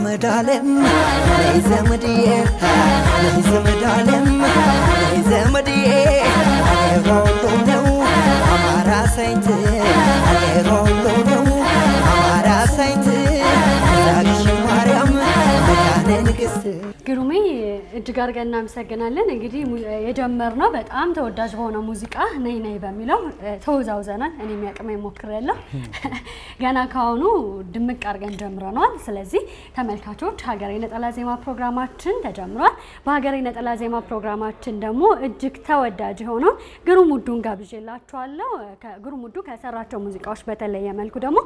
ዘመድ አለም ዘመድዬ ዘመድ አለም ነይ ዘመድዬ አገሯ ነው አማራ ሳይንት አገሯ ሁሉ ነው አማራ ሳይንት ዳግሽ ማርያም መካነ ንግሥት ግሩሜ እጅግ አድርገን እናመሰግናለን። እንግዲህ የጀመርነው በጣም ተወዳጅ በሆነው ሙዚቃ ነይ ነይ በሚለው ተወዛውዘናል። እኔ የሚያቅመ ሞክር ያለው ገና ካሁኑ ድምቅ አድርገን ጀምረነዋል። ስለዚህ ተመልካቾች ሀገሬ ነጠላ ዜማ ፕሮግራማችን ተጀምሯል። በሀገሬ ነጠላ ዜማ ፕሮግራማችን ደግሞ እጅግ ተወዳጅ የሆነውን ግሩም ውዱን ጋብዤላችኋለሁ። ግሩም ውዱ ከሰራቸው ሙዚቃዎች በተለየ መልኩ ደግሞ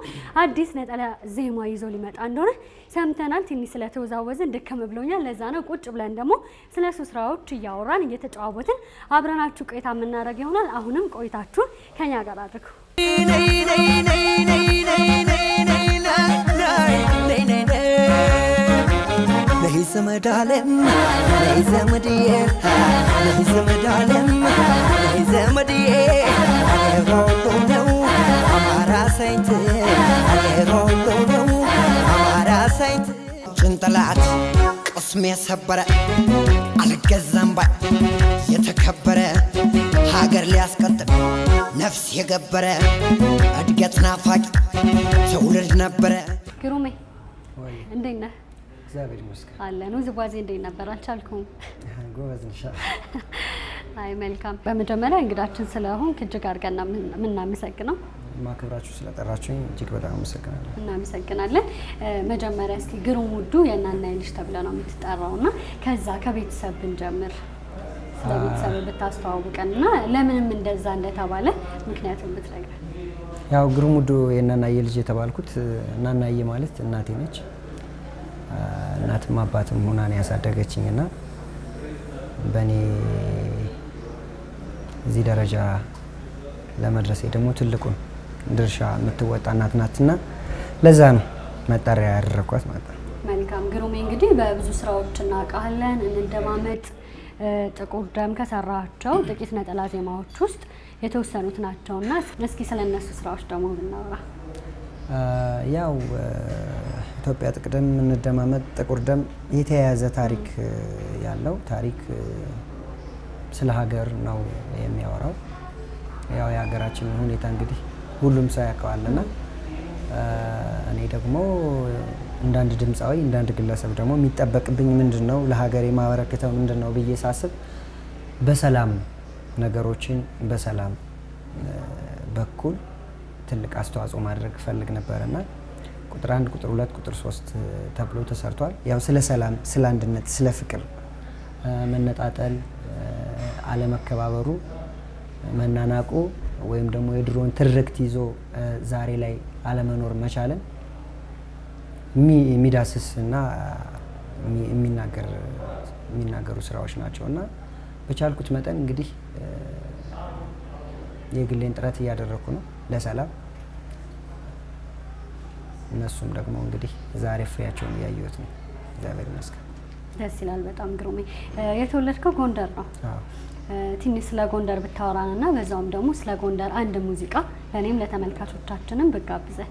አዲስ ነጠላ ዜማ ይዞ ሊመጣ እንደሆነ ሰምተናል። ትንሽ ስለተወዛወዝን ድክም ብሎኛል። ለዛ ነው ቁጭ ብለን ደግሞ ስለ እሱ ስራዎች እያወራን እየተጨዋወትን አብረናችሁ ቆይታ የምናደርግ ይሆናል። አሁንም ቆይታችሁን ከኛ ጋር አድርጉ። ጭንጥላት ስም ሰበረ አልገዛም ባይ የተከበረ ሀገር ሊያስቀጥል ነፍስ የገበረ እድገት ናፋቂ ትውልድ ነበረ። ግሩሜ እንዴት ነህ? እግዚአብሔር ይመስገን አለን። ውዝዋዜ እንዴት ነበር? አልቻልኩም። ጎበዝ ነሽ። አይ መልካም። በመጀመሪያ እንግዳችን ስለሆንክ እጅግ አድርገን ምናመሰግነው ማክብራችሁ ስለጠራችሁኝ እጅግ በጣም አመሰግናለሁ። እናመሰግናለን። መጀመሪያ እስኪ ግሩም ውዱ የእናና ልጅ ተብለ ነው የምትጠራው እና ከዛ ከቤተሰብ ብንጀምር ስለቤተሰብ ብታስተዋውቀን እና ለምንም እንደዛ እንደተባለ ምክንያቱም ብትነግረን። ያው ግሩም ውዱ የእናናዬ ልጅ የተባልኩት እናናዬ ማለት እናቴ ነች። እናትም አባትም ሆና ነው ያሳደገችኝ እና በእኔ እዚህ ደረጃ ለመድረሴ ደግሞ ትልቁን ድርሻ የምትወጣ እናት ናትና ለዛ ነው መጠሪያ ያደረኳት ማለት ነው። መልካም ግሩሜ፣ እንግዲህ በብዙ ስራዎች እናውቃለን። እንደማመጥ፣ ጥቁር ደም ከሰራቸው ጥቂት ነጠላ ዜማዎች ውስጥ የተወሰኑት ናቸውና እስኪ ስለ እነሱ ስራዎች ደግሞ ብናወራ። ያው ኢትዮጵያ ጥቅደም፣ እንደማመጥ፣ ጥቁር ደም የተያያዘ ታሪክ ያለው ታሪክ ስለ ሀገር ነው የሚያወራው። ያው የሀገራችን ሁኔታ እንግዲህ ሁሉም ሰው ያውቀዋል እና እኔ ደግሞ እንዳንድ ድምፃዊ እንዳንድ ግለሰብ ደግሞ የሚጠበቅብኝ ምንድን ነው ለሀገሬ ማበረክተው ምንድን ነው ብዬ ሳስብ በሰላም ነገሮችን በሰላም በኩል ትልቅ አስተዋጽኦ ማድረግ እፈልግ ነበር ቁጥር አንድ ቁጥር ሁለት ቁጥር ሶስት ተብሎ ተሰርቷል። ያው ስለ ሰላም፣ ስለ አንድነት፣ ስለ ፍቅር፣ መነጣጠል፣ አለመከባበሩ፣ መናናቁ ወይም ደግሞ የድሮን ትርክት ይዞ ዛሬ ላይ አለመኖር መቻልን የሚዳስስ እና የሚናገሩ ስራዎች ናቸው እና በቻልኩት መጠን እንግዲህ የግሌን ጥረት እያደረግኩ ነው ለሰላም። እነሱም ደግሞ እንግዲህ ዛሬ ፍሬያቸውን እያየሁት ነው። እግዚአብሔር ይመስገን። ደስ ይላል። በጣም ግሩሜ። የተወለድከው ጎንደር ነው? ትንሽ ስለ ጎንደር ብታወራን እና በዛውም ደግሞ ስለ ጎንደር አንድ ሙዚቃ ለእኔም ለተመልካቾቻችንም ብጋብዘን።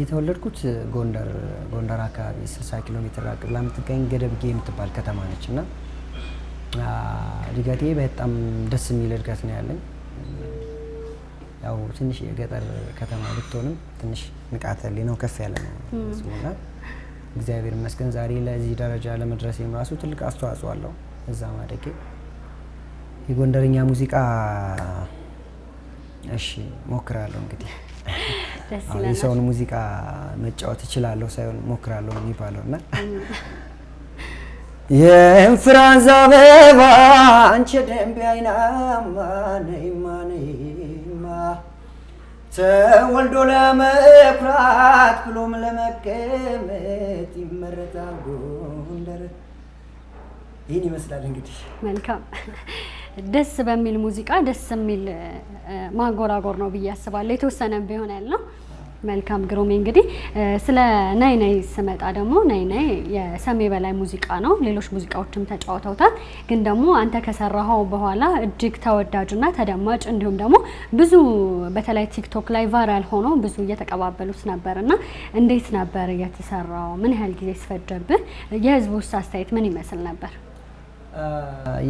የተወለድኩት ጎንደር ጎንደር አካባቢ 60 ኪሎ ሜትር ራቅ ብላ የምትገኝ ገደብጌ የምትባል ከተማ ነች እና እድገቴ በጣም ደስ የሚል እድገት ነው ያለኝ። ያው ትንሽ የገጠር ከተማ ብትሆንም ትንሽ ንቃተ ህሊናው ከፍ ያለ ነው እና እግዚአብሔር ይመስገን ዛሬ ለዚህ ደረጃ ለመድረሴም ራሱ ትልቅ አስተዋጽኦ አለው እዛ ማደጌ የጎንደርኛ ሙዚቃ እሺ ሞክራለሁ። እንግዲህ የሰውን ሙዚቃ መጫወት እችላለሁ ሳይሆን ሞክራለሁ የሚባለው እና የእንፍራንዝ አበባ አንቺ ደንብ አይናማ ነይማ ነይማ ተወልዶ ለመኩራት ብሎም ለመቀመጥ ይመረጣል ጎንደር። ይህን ይመስላል እንግዲህ መልካም ደስ በሚል ሙዚቃ ደስ የሚል ማጎራጎር ነው ብዬ አስባለሁ። የተወሰነ ቢሆን ነው። መልካም ግሩሜ፣ እንግዲህ ስለ ናይ ናይ ስመጣ ደግሞ ናይ ናይ የሰሜ በላይ ሙዚቃ ነው። ሌሎች ሙዚቃዎችም ተጫውተውታል። ግን ደግሞ አንተ ከሰራኸው በኋላ እጅግ ተወዳጅና ተደማጭ እንዲሁም ደግሞ ብዙ በተለይ ቲክቶክ ላይ ቫይራል ሆኖ ብዙ እየተቀባበሉት ነበር እና እንዴት ነበር የተሰራው? ምን ያህል ጊዜ ስፈጀብህ? የህዝቡ ውስጥ አስተያየት ምን ይመስል ነበር?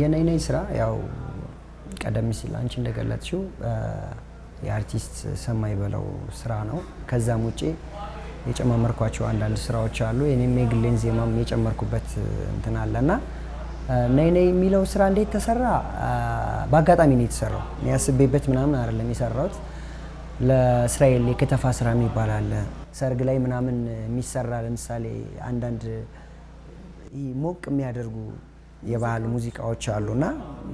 የነይ ነይ ስራ ያው ቀደም ሲል አንቺ እንደገለጥሽው የአርቲስት ሰማይ በለው ስራ ነው። ከዛም ውጪ የጨማመርኳቸው አንዳንድ ስራዎች አሉ። የኔም የግሌን ዜማም የጨመርኩበት እንትን አለና ነይ ነይ የሚለው ስራ እንዴት ተሰራ? በአጋጣሚ ነው የተሰራው። ያስቤበት ምናምን አይደለም የሰራሁት። ለእስራኤል የከተፋ ስራ የሚባል አለ። ሰርግ ላይ ምናምን የሚሰራ ለምሳሌ አንዳንድ ሞቅ የሚያደርጉ የባህል ሙዚቃዎች አሉና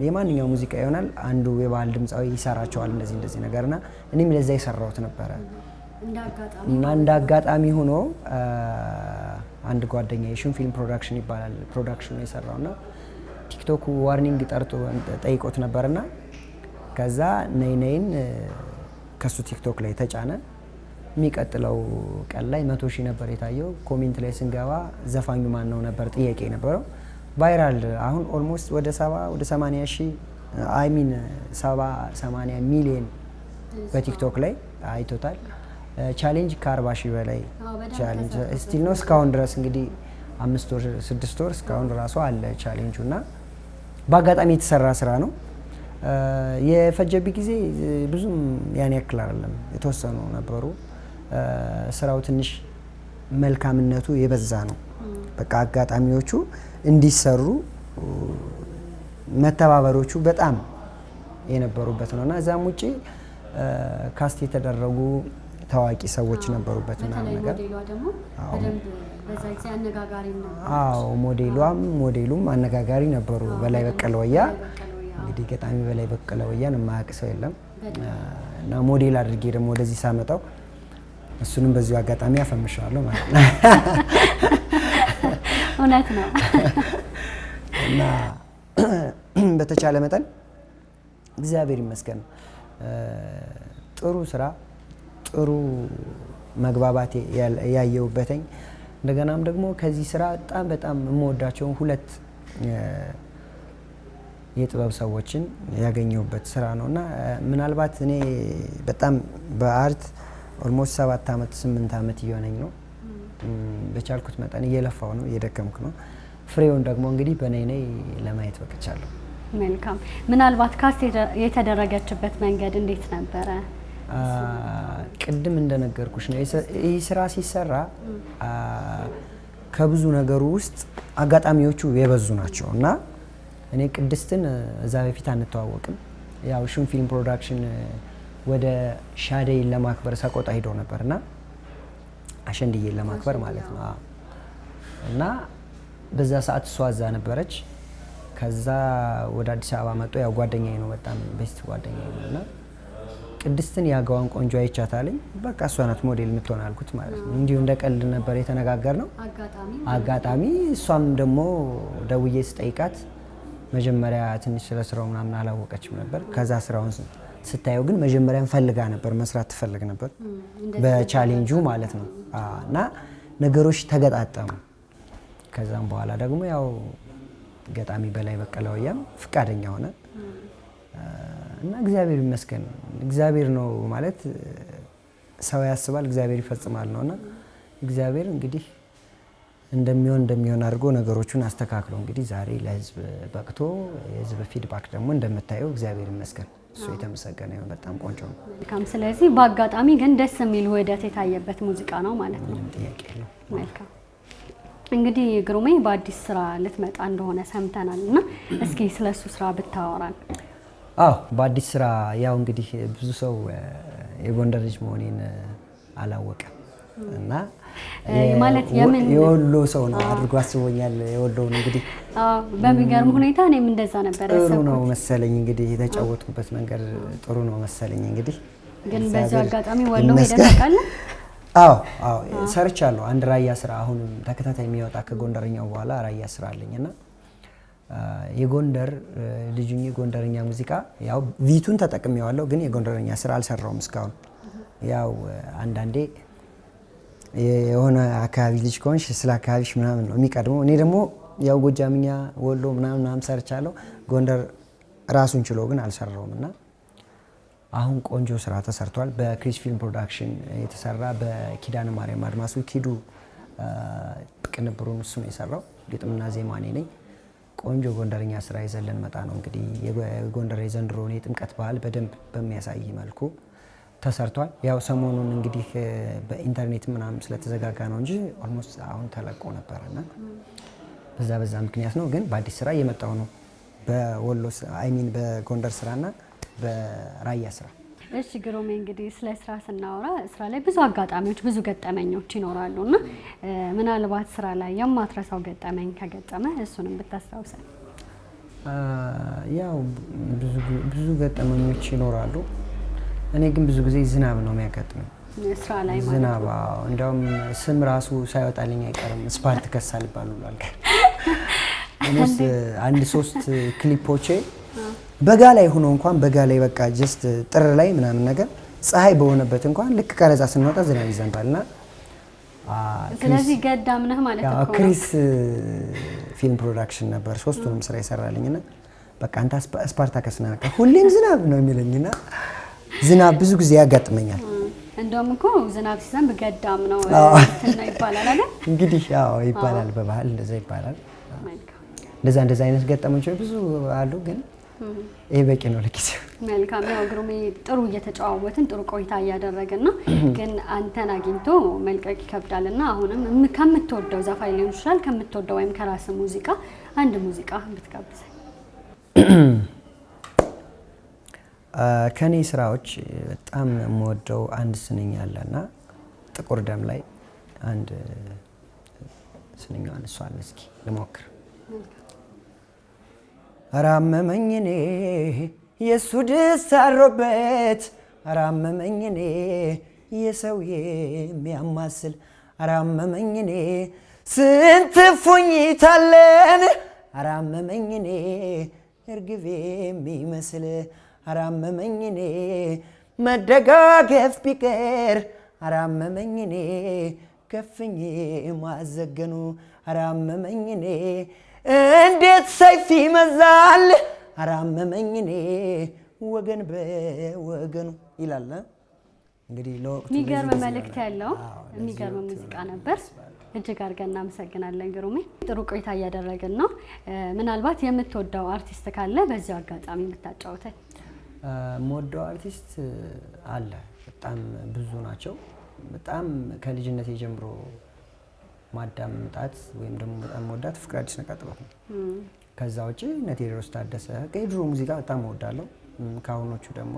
የማንኛው ሙዚቃ ይሆናል አንዱ የባህል ድምፃዊ ይሰራቸዋል እንደዚህ እንደዚህ ነገርና እኔም ለዛ የሰራሁት ነበረ እና እንደ አጋጣሚ ሆኖ አንድ ጓደኛ የሽን ፊልም ፕሮዳክሽን ይባላል ፕሮዳክሽኑ የሰራውና ቲክቶክ ዋርኒንግ ጠርቶ ጠይቆት ነበርና ከዛ ነይ ነይን ከሱ ቲክቶክ ላይ ተጫነ። የሚቀጥለው ቀን ላይ መቶ ሺህ ነበር የታየው። ኮሜንት ላይ ስንገባ ዘፋኙ ማን ነው ነበር ጥያቄ ነበረው። ቫይራል አሁን ኦልሞስት ወደ ሰባ ወደ ሰማንያ ሺ አይ ሚን ሰባ ሰማንያ ሚሊየን በቲክቶክ ላይ አይቶታል። ቻሌንጅ ከአርባ ሺህ በላይ ቻሌንጅ ስቲል ነው እስካሁን ድረስ እንግዲህ አምስት ወር ስድስት ወር እስካሁን ራሱ አለ ቻሌንጁ እና በአጋጣሚ የተሰራ ስራ ነው። የፈጀብ ጊዜ ብዙም ያን ያክል አይደለም፣ የተወሰኑ ነበሩ። ስራው ትንሽ መልካምነቱ የበዛ ነው። በቃ አጋጣሚዎቹ እንዲሰሩ መተባበሮቹ በጣም የነበሩበት ነው እና እዛም ውጪ ካስት የተደረጉ ታዋቂ ሰዎች ነበሩበት ምናምን ነገር። አዎ ሞዴሏም ሞዴሉም አነጋጋሪ ነበሩ። በላይ በቀለ ወያ እንግዲህ ገጣሚ በላይ በቀለ ወያን የማያውቅ ሰው የለም እና ሞዴል አድርጌ ደግሞ ወደዚህ ሳመጣው እሱንም በዚሁ አጋጣሚ አፈምሻለሁ ማለት ነው። እውነት ነው። እና በተቻለ መጠን እግዚአብሔር ይመስገን ጥሩ ስራ ጥሩ መግባባት ያየውበትኝ እንደገናም ደግሞ ከዚህ ስራ በጣም በጣም የምወዳቸውን ሁለት የጥበብ ሰዎችን ያገኘሁበት ስራ ነው እና ምናልባት እኔ በጣም በአርት ኦልሞስት ሰባት ዓመት ስምንት አመት እየሆነኝ ነው በቻልኩት መጠን እየለፋው ነው እየደከምኩ ነው። ፍሬውን ደግሞ እንግዲህ በነይነይ ለማየት በቅቻለሁ። መልካም። ምናልባት ካስት የተደረገችበት መንገድ እንዴት ነበረ? ቅድም እንደነገርኩሽ ነው። ይህ ስራ ሲሰራ ከብዙ ነገሩ ውስጥ አጋጣሚዎቹ የበዙ ናቸው እና እኔ ቅድስትን እዛ በፊት አንተዋወቅም። ያው ሹም ፊልም ፕሮዳክሽን ወደ ሻደይን ለማክበር ሰቆጣ ሂዶ ነበር እና አሸንድዬ ለማክበር ማለት ነው እና በዛ ሰዓት እሷ እዛ ነበረች። ከዛ ወደ አዲስ አበባ መጦ ያው ጓደኛዬ ነው በጣም ቤስት ጓደኛዬ ነው እና ቅድስትን ያገዋን ቆንጆ አይቻታለኝ። በቃ እሷ ናት ሞዴል የምትሆን አልኩት ማለት ነው። እንዲሁ እንደ ቀልድ ነበር የተነጋገር ነው። አጋጣሚ እሷም ደግሞ ደውዬ ስጠይቃት መጀመሪያ ትንሽ ስለ ስራው ምናምን አላወቀችም ነበር። ከዛ ስራውን ስታየው ግን መጀመሪያም ፈልጋ ነበር መስራት ትፈልግ ነበር በቻሌንጁ ማለት ነው። እና ነገሮች ተገጣጠሙ። ከዛም በኋላ ደግሞ ያው ገጣሚ በላይ በቀለ ወያም ፍቃደኛ ሆነ እና እግዚአብሔር ይመስገን። እግዚአብሔር ነው ማለት ሰው ያስባል፣ እግዚአብሔር ይፈጽማል ነው እና እግዚአብሔር እንግዲህ እንደሚሆን እንደሚሆን አድርጎ ነገሮቹን አስተካክሎ እንግዲህ ዛሬ ለህዝብ በቅቶ የህዝብ ፊድባክ ደግሞ እንደምታየው እግዚአብሔር ይመስገን። እሱ የተመሰገነ ይሁን። በጣም ቆንጆ ነው። መልካም። ስለዚህ በአጋጣሚ ግን ደስ የሚል ውህደት የታየበት ሙዚቃ ነው ማለት ነው። ጥያቄ መልካም። እንግዲህ ግሩሜ በአዲስ ስራ ልትመጣ እንደሆነ ሰምተናል እና እስኪ ስለሱ ስራ ብታወራል። አዎ በአዲስ ስራ ያው እንግዲህ ብዙ ሰው የጎንደር ልጅ መሆኔን አላወቀም እና ማለት የምን የወሎ ሰው ነው አድርጎ አስቦኛል። የወሎውን እንግዲህ በሚገርም ሁኔታ እኔም እንደዛ ነበር። ጥሩ ነው መሰለኝ እንግዲህ የተጫወትኩበት መንገድ ጥሩ ነው መሰለኝ እንግዲህ። ግን በዚህ አጋጣሚ ወሎ ሄደህ ታውቃለህ? አዎ አዎ ሰርቻለሁ። አንድ ራያ ስራ አሁንም ተከታታይ የሚወጣ ከጎንደርኛው በኋላ ራያ ስራ አለኝና የጎንደር ልጁኝ የጎንደርኛ ሙዚቃ ያው ቪቱን ተጠቅሜዋለሁ፣ ግን የጎንደርኛ ስራ አልሰራውም እስካሁን ያው አንዳንዴ የሆነ አካባቢ ልጅ ከሆንሽ ስለ አካባቢሽ ምናምን ነው የሚቀድመው። እኔ ደግሞ ያው ጎጃምኛ ወሎ ምናምን ምናምን ሰርቻለሁ። ጎንደር ራሱን ችሎ ግን አልሰራውም እና አሁን ቆንጆ ስራ ተሰርቷል። በክሪስ ፊልም ፕሮዳክሽን የተሰራ በኪዳነ ማርያም አድማሱ ኪዱ ቅንብሩን እሱ ነው የሰራው። ግጥምና ዜማ እኔ ነኝ። ቆንጆ ጎንደርኛ ስራ ይዘን ልንመጣ ነው እንግዲህ የጎንደር የዘንድሮን የጥምቀት ባህል በደንብ በሚያሳይ መልኩ ተሰርቷል። ያው ሰሞኑን እንግዲህ በኢንተርኔት ምናምን ስለተዘጋጋ ነው እንጂ ኦልሞስት አሁን ተለቆ ነበረና በዛ በዛ ምክንያት ነው። ግን በአዲስ ስራ እየመጣው ነው። በወሎ አይሚን በጎንደር ስራና በራያ ስራ። እሺ ግሮሜ፣ እንግዲህ ስለ ስራ ስናወራ ስራ ላይ ብዙ አጋጣሚዎች ብዙ ገጠመኞች ይኖራሉ እና ምናልባት ስራ ላይ የማትረሳው ገጠመኝ ከገጠመ እሱንም ብታስታውሰን። ያው ብዙ ገጠመኞች ይኖራሉ እኔ ግን ብዙ ጊዜ ዝናብ ነው የሚያጋጥመኝ። ዝናብ እንደውም ስም ራሱ ሳይወጣልኝ አይቀርም ስፓርተከስ አልባል ብሏል። እኔስ አንድ ሶስት ክሊፖቼ በጋ ላይ ሆኖ እንኳን በጋ ላይ በቃ ጀስት ጥር ላይ ምናምን ነገር ፀሐይ በሆነበት እንኳን ልክ ቀረጻ ስንወጣ ዝናብ ይዘንባልና ስለዚህ ገዳም ነህ ማለት ነው። ክሪስ ፊልም ፕሮዳክሽን ነበር ሶስቱንም ስራ ይሰራልኝና በቃ አንተ ስፓርታከስ ነህ ሁሌም ዝናብ ነው የሚለኝና ዝናብ ብዙ ጊዜ ያጋጥመኛል። እንደውም እኮ ዝናብ ሲዘንብ ገዳም ነው ይባላል አይደል? እንግዲህ አዎ ይባላል፣ በባህል እንደዛ ይባላል። እንደዛ እንደዛ አይነት ገጠመች ብዙ አሉ ግን ይህ በቂ ነው ለጊዜው። መልካም ያው ግሩሜ ጥሩ እየተጫዋወትን ጥሩ ቆይታ እያደረግን ነው፣ ግን አንተን አግኝቶ መልቀቅ ይከብዳል እና አሁንም ከምትወደው ዘፋኝ ሊሆን ይችላል ከምትወደው ወይም ከራስ ሙዚቃ አንድ ሙዚቃ ብትጋብዘኝ ከኔ ስራዎች በጣም የምወደው አንድ ስንኝ አለና ጥቁር ደም ላይ አንድ ስንኛዋን እሷን እስኪ ልሞክር። አራመመኝ እኔ የእሱ ድስት አድሮበት፣ አራመመኝ እኔ የሰው የሚያማስል፣ አራመመኝ እኔ ስንት ፉኝታለን፣ አራመመኝ እኔ የሚመስል አራመመኝ እኔ መደጋገፍ ቢቀር አራመመኝ እኔ ከፍኝ ማዘገኑ አራመመኝ እኔ እንዴት ሰይፍ ይመዛል አራመመኝ እኔ ወገን በወገኑ ይላል። እንግዲህ የሚገርም መልእክት ያለው የሚገርም ሙዚቃ ነበር። እጅግ አድርገን እናመሰግናለን ግሩሜ። ጥሩ ቆይታ እያደረግን ነው። ምናልባት የምትወደው አርቲስት ካለ በዚያው አጋጣሚ የምታጫውተን የምወደው አርቲስት አለ በጣም ብዙ ናቸው። በጣም ከልጅነት የጀምሮ ማዳምጣት ወይም ደግሞ በጣም መወዳት ፍቅር አዲስ ነቃ ነው። ከዛ ውጭ እነ ቴዎድሮስ ታደሰ ከድሮ ሙዚቃ በጣም እወዳለሁ። ከአሁኖቹ ደግሞ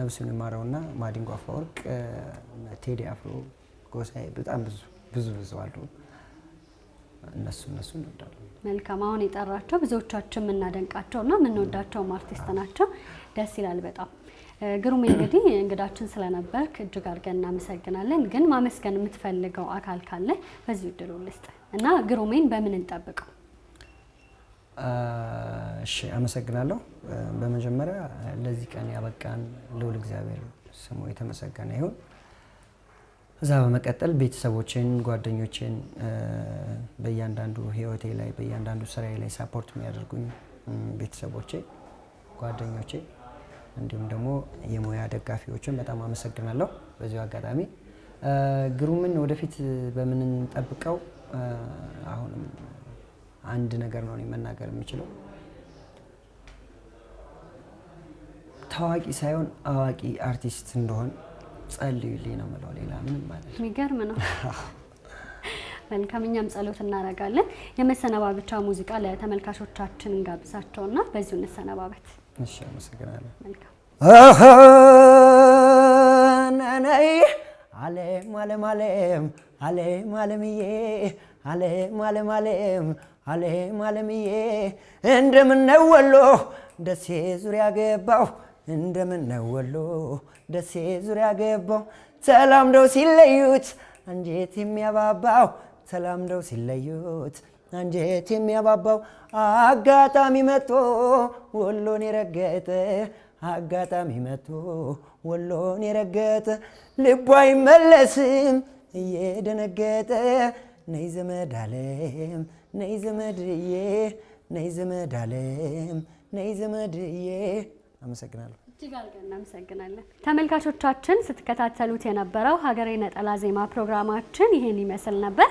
ነብሱን ይማረውና ማዲንጎ አፈወርቅ፣ ቴዲ አፍሮ፣ ጎሳዬ በጣም ብዙ ብዙ ብዙ አሉ። እነሱ እነሱ እንወዳለን። መልካም አሁን የጠራቸው ብዙዎቻችን የምናደንቃቸው እና የምንወዳቸውም አርቲስት ናቸው። ደስ ይላል በጣም። ግሩሜ እንግዲህ እንግዳችን ስለነበርክ እጅግ አድርገን እናመሰግናለን። ግን ማመስገን የምትፈልገው አካል ካለ በዚህ እድሉ ልስጥ እና ግሩሜን በምን እንጠብቀው? እሺ አመሰግናለሁ። በመጀመሪያ ለዚህ ቀን ያበቃን ልውል እግዚአብሔር ስሙ የተመሰገነ ይሁን። እዛ በመቀጠል ቤተሰቦችን፣ ጓደኞችን በእያንዳንዱ ህይወቴ ላይ በእያንዳንዱ ስራዬ ላይ ሳፖርት የሚያደርጉኝ ቤተሰቦቼ፣ ጓደኞቼ እንዲሁም ደግሞ የሙያ ደጋፊዎችን በጣም አመሰግናለሁ። በዚሁ አጋጣሚ ግሩምን ወደፊት በምንጠብቀው አሁንም አንድ ነገር ነው መናገር የምችለው ታዋቂ ሳይሆን አዋቂ አርቲስት እንደሆን ጸልዩልኝ ነው የምለው። ሌላ ምንም ማለት የሚገርም ነው። መልካም እኛም ጸሎት እናደርጋለን። የመሰነባበቻ ሙዚቃ ለተመልካቾቻችን እንጋብዛቸውና በዚሁ እንሰነባበት። እሺ፣ አመሰግናለሁ። ነይ አለም አለም አለም አለም አለምዬ አለም አለም አለም አለም አለምዬ እንደምነው ወሎ ደሴ ዙሪያ ገባው እንደምነው ወሎ ደሴ ዙሪያ ገባው ተላምደው ሲለዩት አንጀት የሚያባባው ተላምደው ሲለዩት አንጀት የሚያባባው አጋጣሚ መጥቶ ወሎን የረገጠ አጋጣሚ መጥቶ ወሎን የረገጠ ልቧ አይመለስም እየደነገጠ ነይ ዘመድ አለም ነይ ዘመድዬ ነይ ዘመድ አለም ነይ ዘመድዬ። አመሰግናለሁ። እጅግ አድርገን እናመሰግናለን። ተመልካቾቻችን ስትከታተሉት የነበረው ሀገሬ ነጠላ ዜማ ፕሮግራማችን ይህን ይመስል ነበር።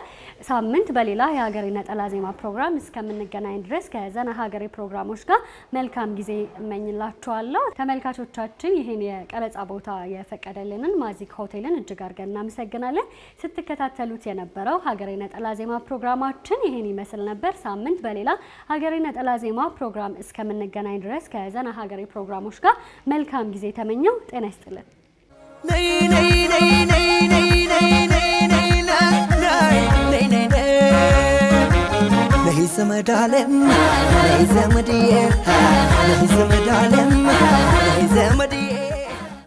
ሳምንት በሌላ የሀገሬ ነጠላ ዜማ ፕሮግራም እስከምንገናኝ ድረስ ከዘና ሀገሬ ፕሮግራሞች ጋር መልካም ጊዜ እመኝላችኋለሁ። ተመልካቾቻችን ይህን የቀረጻ ቦታ የፈቀደልንን ማዚክ ሆቴልን እጅግ አድርገን እናመሰግናለን። ስትከታተሉት የነበረው ሀገሬ ነጠላ ዜማ ፕሮግራማችን ይህን ይመስል ነበር። ሳምንት በሌላ ሀገሬ ነጠላ ዜማ ፕሮግራም እስከምንገናኝ ድረስ ከዘና ሀገሬ ፕሮግራሞች ጋር መልካም ጊዜ ተመኘው። ጤና ይስጥልን። ዘመዳለም ዘመድዬ ዘመዳለም ዘመድዬ